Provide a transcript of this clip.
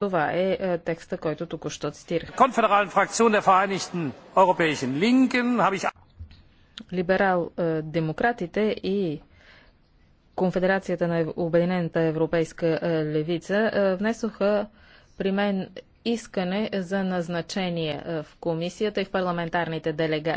Това е, е текста, който току-що цитирах. Конфедерален фракцион на Либерал-демократите е, и Конфедерацията на Обединената европейска е, левица внесоха при мен искане за назначение в комисията и в парламентарните делегации.